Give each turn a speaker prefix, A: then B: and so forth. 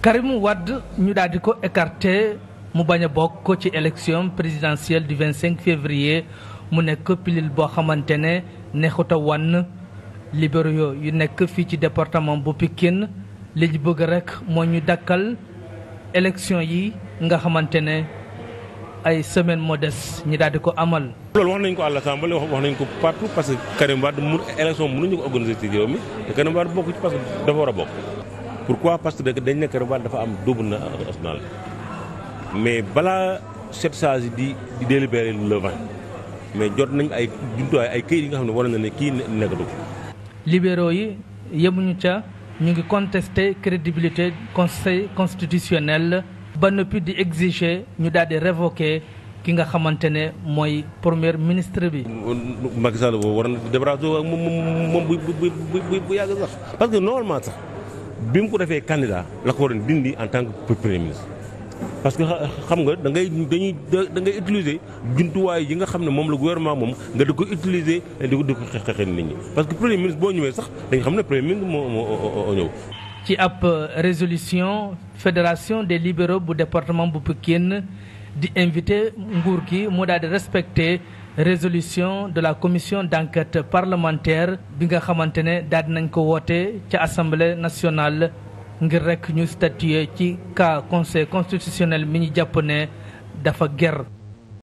A: Karim Wade ñu daal di ko écarté mu bañ a bokk ci élection présidentielle du 25 février mu nekk pilil boo xamante ne neexut a wan libéraux yu nekk fii ci département bu Pikine li ñu bëgg rek moo ñu dakkal élection yi nga xamante ne ay semaine moo des ñi daal ko amal.
B: loolu wax nañ ko à l'Assemblée wax nañ ko partout parce que Karim Wade mun élection mënuñu ko organiser ci réew mi te Karim Wade bokk ci parce que dafa war a bokk. pour quoi parce que dañ nekk Reval dafa am double national mais balaa cette saa yi di di délibéré le mais jot nañ ay jumtuwaay ay këyit yi nga xam ne war na ne kii nekkatu
A: ko. libéraux yi yemuñu ca ñu ngi contesté crédibilité conseil constitutionnel ba noppi di exiger ñu daal di révoquer ki nga xamante ne mooy première ministre bi.
B: Macky sax parce que normalement sax. bi mu ko defee candidat la ko waroon dindi en tant que premier ministre. parce que xam nga da ngay dañuy da ngay utiliser jumtuwaay yi nga xam ne moom lu gouvernement moom nga di ko utiliser di ko nit ñi parce que premier ministre boo ñëwee sax dañu xam ne premier ministre moo moo ñëw.
A: ci ab euh, résolution fédération des libéraux bu département bu Pikine di invité nguur gi moo daal di respecté résolution de la commission d'enquête parlementaire bi nga xamante ne daal di nañ ko woote ca assemblée nationale ngir rek ñu statuer ci cas conseil constitutionnel mi ñu jàpp ne dafa ger